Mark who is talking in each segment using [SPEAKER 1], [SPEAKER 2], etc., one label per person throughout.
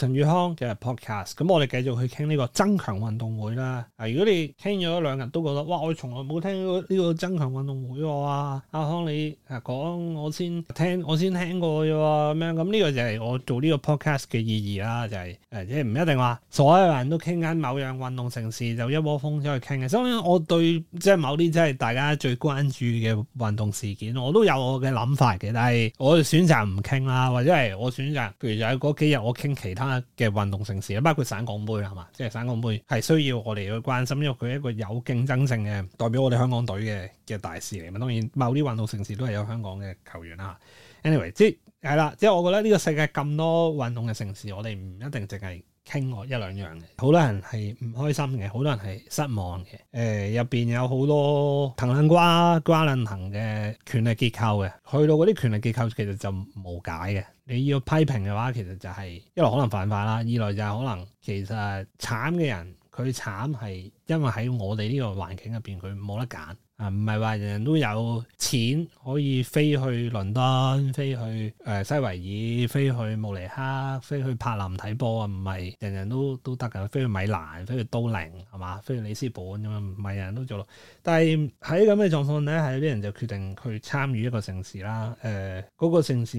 [SPEAKER 1] 陳宇康嘅 podcast，咁我哋繼續去傾呢個增強運動會啦。啊，如果你傾咗兩日都覺得，哇，我從來冇聽到呢個增強運動會喎啊！阿、啊、康、啊、你講，我先聽，我先聽過嘅咁樣。咁、啊、呢、這個就係我做呢個 podcast 嘅意義啦，就係、是、誒、啊，即係唔一定話所有人都傾緊某樣運動盛事就一窩蜂出去傾嘅。所以我對即係、就是、某啲即係大家最關注嘅運動事件，我都有我嘅諗法嘅，但係我選擇唔傾啦，或者係我選擇，譬如就喺嗰幾日我傾其他。嘅運動城市啦，包括省港杯，係咪？即係省港杯係需要我哋去關心，因為佢係一個有競爭性嘅代表我哋香港隊嘅嘅大事嚟嘛。當然，某啲運動城市都係有香港嘅球員啦。anyway，即係係啦，即係我覺得呢個世界咁多運動嘅城市，我哋唔一定淨係。傾我一兩樣嘢，好多人係唔開心嘅，好多人係失望嘅。誒、呃，入邊有好多騰瓜瓜騰瓜瓜論騰嘅權力結構嘅，去到嗰啲權力結構其實就冇解嘅。你要批評嘅話，其實就係、是、一來可能犯法啦，二來就係可能其實慘嘅人佢慘係因為喺我哋呢個環境入邊佢冇得揀。啊，唔係話人人都有錢可以飛去倫敦、飛去誒、呃、西維爾、飛去慕尼黑、飛去柏林睇波啊！唔係人人都都得㗎，飛去米蘭、飛去都靈係嘛？飛去里斯本咁樣，唔、嗯、係人人都做咯。但係喺咁嘅狀況咧，係啲人就決定去參與一個城市啦。誒、呃，嗰、那個城市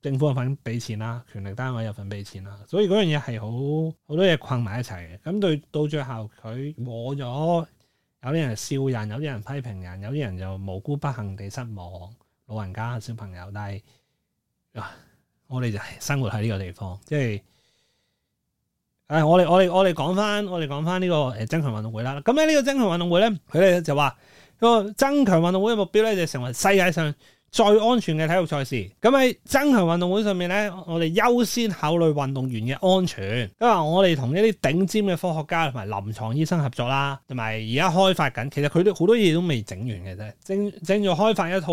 [SPEAKER 1] 政府有份俾錢啦，權力單位有份俾錢啦，所以嗰樣嘢係好好多嘢困埋一齊嘅。咁對到最後，佢摸咗。有啲人笑人，有啲人批評人，有啲人就無辜不幸地失望，老人家、小朋友。但係，我哋就係生活喺呢個地方，即係，誒，我哋我哋我哋講翻，我哋講翻呢個誒、呃、增強運動會啦。咁喺呢個增強運動會咧，佢哋就話個增強運動會嘅目標咧就成為世界上。最安全嘅體育賽事，咁喺增強運動會上面咧，我哋優先考慮運動員嘅安全。咁啊，我哋同一啲頂尖嘅科學家同埋臨牀醫生合作啦，同埋而家開發緊，其實佢哋好多嘢都未整完嘅啫。正正在開發一套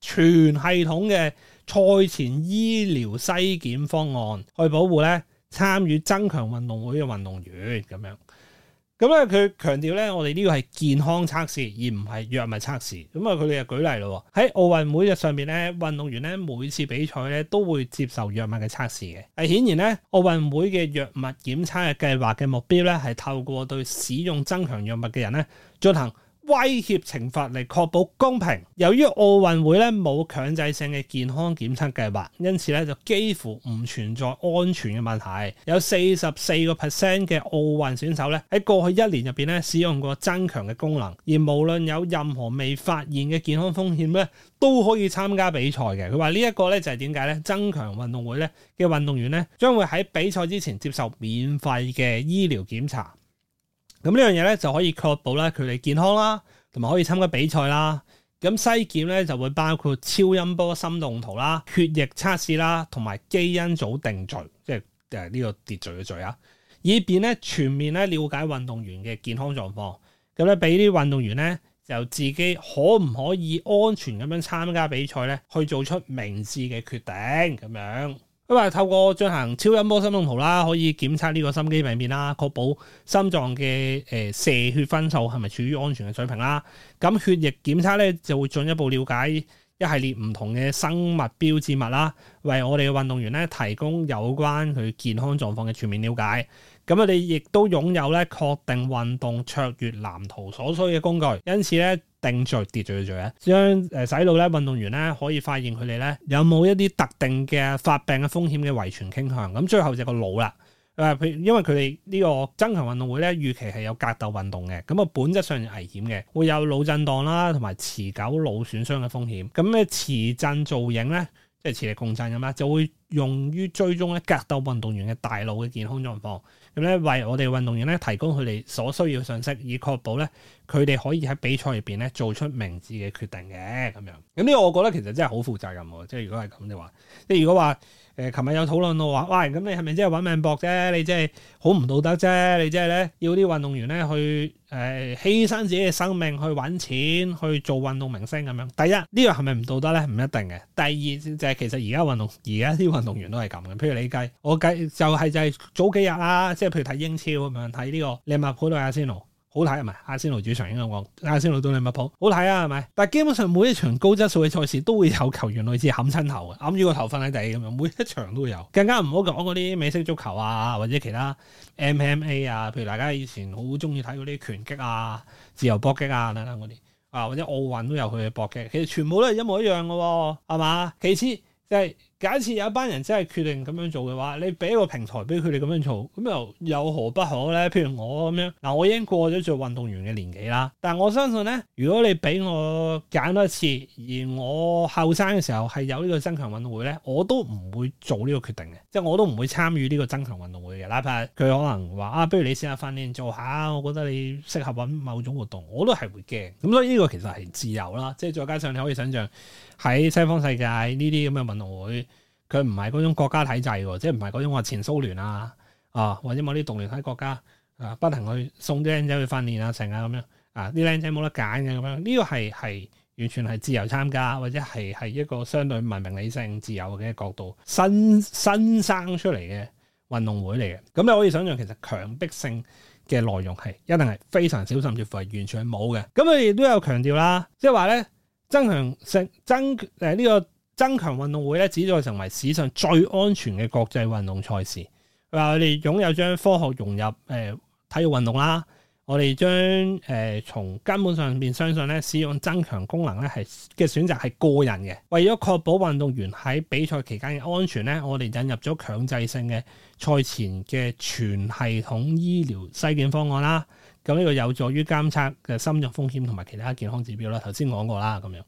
[SPEAKER 1] 全系統嘅賽前醫療篩檢方案，去保護咧參與增強運動會嘅運動員咁樣。咁咧，佢強調咧，我哋呢個係健康測試，而唔係藥物測試。咁啊，佢哋又舉例咯喎，喺奧運會嘅上面咧，運動員咧每次比賽咧都會接受藥物嘅測試嘅。係顯然咧，奧運會嘅藥物檢測嘅計劃嘅目標咧，係透過對使用增強藥物嘅人咧進行。威脅懲罰嚟確保公平。由於奧運會咧冇強制性嘅健康檢測計劃，因此咧就幾乎唔存在安全嘅問題。有四十四個 percent 嘅奧運選手咧喺過去一年入邊咧使用過增強嘅功能，而無論有任何未發現嘅健康風險咧，都可以參加比賽嘅。佢話呢一個咧就係點解咧？增強運動會咧嘅運動員咧將會喺比賽之前接受免費嘅醫療檢查。咁呢樣嘢咧就可以確保咧佢哋健康啦，同埋可以參加比賽啦。咁篩檢咧就會包括超音波心動圖啦、血液測試啦，同埋基因組定序，即係誒呢個秩序嘅序啊，以便咧全面咧了解運動員嘅健康狀況。咁咧俾啲運動員咧就自己可唔可以安全咁樣參加比賽咧，去做出明智嘅決定咁樣。因為，透過進行超音波心動圖啦，可以檢測呢個心肌病變啦，確保心臟嘅誒射血分數係咪處於安全嘅水平啦。咁血液檢測咧就會進一步了解一系列唔同嘅生物標誌物啦，為我哋嘅運動員咧提供有關佢健康狀況嘅全面了解。咁我哋亦都擁有咧確定運動卓越藍圖所需嘅工具，因此咧。定在跌在嘅在嘅，將洗腦咧，運動員咧可以發現佢哋咧有冇一啲特定嘅發病嘅風險嘅遺傳傾向。咁最後就個腦啦，誒，佢因為佢哋呢個增強運動會咧，預期係有格鬥運動嘅，咁啊，本質上係危險嘅，會有腦震盪啦，同埋持久腦損傷嘅風險。咁咩磁振造影咧？即係磁力共振咁啦，就會用於追蹤咧格鬥運動員嘅大腦嘅健康狀況，咁咧為我哋運動員咧提供佢哋所需要嘅信息，以確保咧佢哋可以喺比賽入邊咧做出明智嘅決定嘅咁樣。咁、這、呢個我覺得其實真係好負責任。即係如果係咁嘅話，即係如果話，誒，琴日有討論到話，喂，咁你係咪真係揾命搏啫？你真係好唔道德啫？你真係咧要啲運動員咧去誒、呃、犧牲自己嘅生命去揾錢去做運動明星咁樣。第一，呢樣係咪唔道德咧？唔一定嘅。第二就係、是，其實而家運動，而家啲運動員都係咁嘅。譬如你計，我計就係就係早幾日啦，即係譬如睇英超咁樣睇呢個利物浦對阿仙奴。好睇係咪？阿仙奴主場應該講，阿仙奴都利物浦，好睇啊，係咪？但係基本上每一場高質素嘅賽事都會有球員類似冚親頭嘅，揞住個頭瞓喺地咁樣，每一場都有。更加唔好講嗰啲美式足球啊，或者其他 M M A 啊，譬如大家以前好中意睇嗰啲拳擊啊、自由搏擊啊等等嗰啲啊，或者奧運都有佢嘅搏擊，其實全部都係一模一樣嘅，哦，係嘛？其次即係。假設有一班人真係決定咁樣做嘅話，你俾一個平台俾佢哋咁樣做，咁又有何不可咧？譬如我咁樣，嗱，我已經過咗做運動員嘅年紀啦。但係我相信咧，如果你俾我揀多一次，而我後生嘅時候係有呢個增強運動會咧，我都唔會做呢個決定嘅，即係我都唔會參與呢個增強運動會嘅。哪怕佢可能話啊，不如你試下訓練做下，我覺得你適合揾某種活動，我都係會驚。咁所以呢個其實係自由啦，即係再加上你可以想象喺西方世界呢啲咁嘅運動會。佢唔係嗰種國家體制喎，即係唔係嗰種話前蘇聯啊，啊，啊，啊或者某啲獨聯體國家啊，不停去送啲靚仔去訓練啊、成啊咁樣啊，啲靚仔冇得揀嘅咁樣。呢個係係完全係自由參加，或者係係一個相對文明、理性、自由嘅角度新新生出嚟嘅運動會嚟嘅。咁你可以想象，其實強迫性嘅內容係一定係非常少，甚至乎係完全係冇嘅。咁佢哋都有強調啦，即係話咧增強性增誒呢、呃這個。增強運動會咧，旨在成為史上最安全嘅國際運動賽事。佢話，我哋擁有將科學融入誒、呃、體育運動啦。我哋將誒從根本上面相信咧，使用增強功能咧係嘅選擇係個人嘅。為咗確保運動員喺比賽期間嘅安全咧，我哋引入咗強制性嘅賽前嘅全系統醫療體檢方案啦。咁呢個有助於監測嘅心臟風險同埋其他健康指標啦。頭先講過啦，咁樣。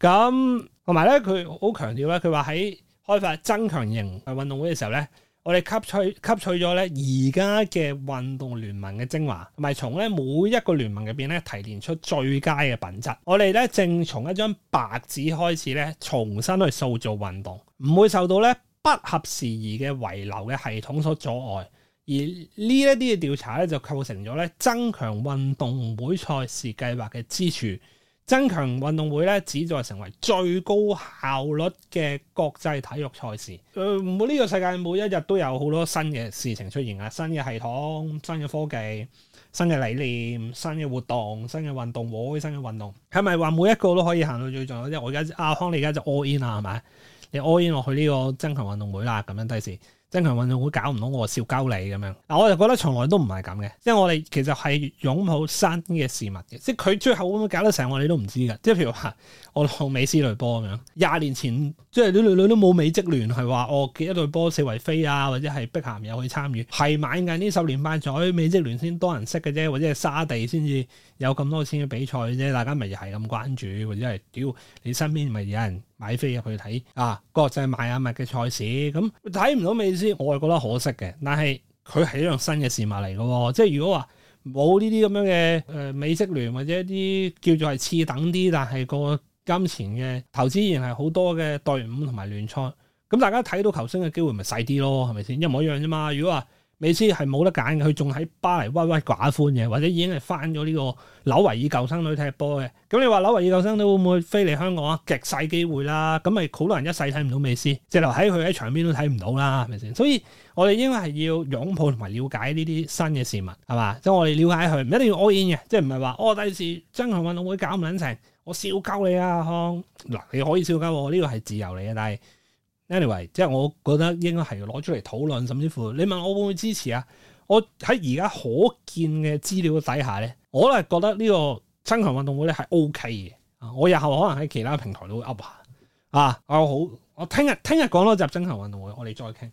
[SPEAKER 1] 咁同埋咧，佢好強調咧，佢話喺開發增強型運動會嘅時候咧，我哋吸取吸取咗咧而家嘅運動聯盟嘅精華，同埋從咧每一個聯盟入邊咧提煉出最佳嘅品質。我哋咧正從一張白紙開始咧，重新去塑造運動，唔會受到咧不合時宜嘅遺留嘅系統所阻礙。而呢一啲嘅調查咧，就構成咗咧增強運動會賽事計劃嘅支柱。增強運動會咧，旨在成為最高效率嘅國際體育賽事。誒、呃，每、這、呢個世界每一日都有好多新嘅事情出現啦，新嘅系統、新嘅科技、新嘅理念、新嘅活動、新嘅運動會、新嘅運動，係咪話每一個都可以行到最重要？即係我而家阿康，你而家就 all in 啦，係咪？你 all in 落去呢個增強運動會啦，咁樣第時。增強運動會搞唔到我笑鳩你咁樣，嗱我就覺得從來都唔係咁嘅，即係我哋其實係擁抱新嘅事物嘅，即係佢最後會唔會搞到成我哋都唔知㗎，即係譬如話我老美斯雷波咁樣廿年前。即係你女女都冇美職聯係話，我幾、哦、一隊波四圍飛啊，或者係碧咸有去參與，係買緊呢十年八載美職聯先多人識嘅啫，或者係沙地先至有咁多錢嘅比賽啫，大家咪又係咁關注，或者係屌你身邊咪有人買飛入去睇啊國際買啊物嘅賽事，咁睇唔到美斯我係覺得可惜嘅，但係佢係一樣新嘅事物嚟嘅喎，即係如果話冇呢啲咁樣嘅誒美職聯或者一啲叫做係次等啲，但係、個。金錢嘅投資依然係好多嘅隊伍同埋聯賽，咁大家睇到球星嘅機會咪細啲咯，係咪先一模一樣啫嘛？如果話美斯係冇得揀嘅，佢仲喺巴黎鬱鬱寡歡嘅，或者已經係翻咗呢個紐維爾舊生女踢波嘅，咁你話紐維爾舊生女會唔會飛嚟香港啊？極細機會啦，咁咪好多人一世睇唔到美斯，只留喺佢喺場邊都睇唔到啦，係咪先？所以我哋應該係要擁抱同埋了解呢啲新嘅事物，係嘛？即係我哋了解佢，唔一定要 all in 嘅，即係唔係話哦，第時增強運動會搞唔撚成。我笑鳩你啊康嗱、啊，你可以笑鳩我呢、這個係自由嚟嘅，但係 anyway，即係我覺得應該係要攞出嚟討論，甚至乎你問我會唔會支持啊？我喺而家可見嘅資料底下咧，我都係覺得呢個增強運動會咧係 O K 嘅啊！我日後可能喺其他平台都會 up 下啊！我好我聽日聽日講多集增強運動會，我哋再傾。